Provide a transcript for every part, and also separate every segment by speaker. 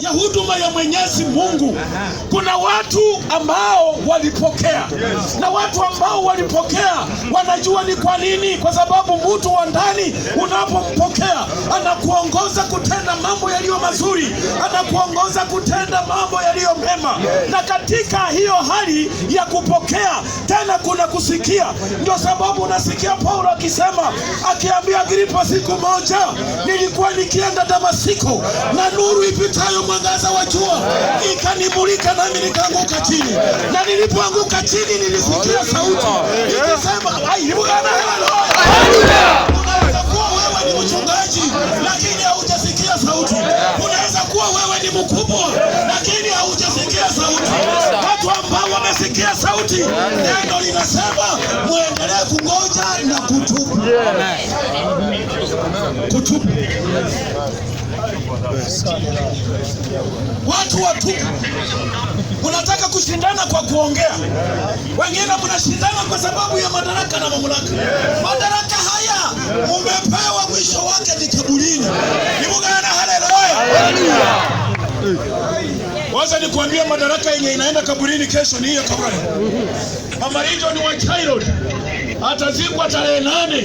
Speaker 1: ya huduma ya Mwenyezi Mungu. Kuna watu ambao walipokea na watu ambao walipokea wanajua ni kwa nini, kwa sababu mtu wa ndani unapompokea anakuongoza mambo yaliyo mazuri, anakuongoza kutenda mambo yaliyo mema. Na katika hiyo hali ya kupokea tena kuna kusikia. Ndio sababu unasikia Paulo akisema, akiambia agripa siku moja nilikuwa nikienda Damasiko na nuru ipitayo mwangaza wa jua ikanimulika, nami nikaanguka chini, na nilipoanguka chini nilisikia sauti ikisema mkubwa, lakini haujasikia sauti. Watu ambao wamesikia sauti, neno linasema muendelee kungoja na kutubu, kutubu Watu watubu. unataka kushindana kwa kuongea, wengine mnashindana kwa sababu ya madaraka na mamlaka. Madaraka haya mume Waza kuambia madaraka yenye inaenda kaburini kesho ni hiyo kabari. Amarijoni wa Chairod atazikwa tarehe nane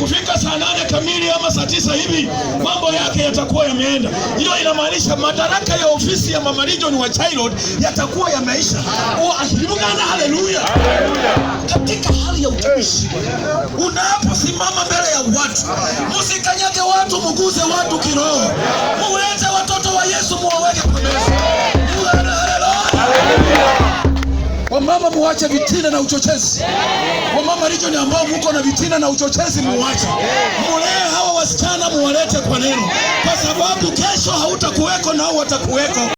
Speaker 1: kufika saa nane kamili ama saa tisa hivi mambo yake yatakuwa yameenda. Hiyo inamaanisha madaraka ya ofisi ya Mama ni wa Chairod yatakuwa yameisha. Uahirimgana, haleluya! Katika hali ya utumishi unaposimama mbele ya watu, musikanyage watu, muguze watu kiroho, muweze watoto wa Yesu, muwaweke kwa Yesu. mama muache vitina na uchochezi. Wamama rijoni ambao muko na vitina na uchochezi muache, mulee hawa wasichana, muwalete kwa neno, kwa sababu kesho hautakuweko nao watakuweko.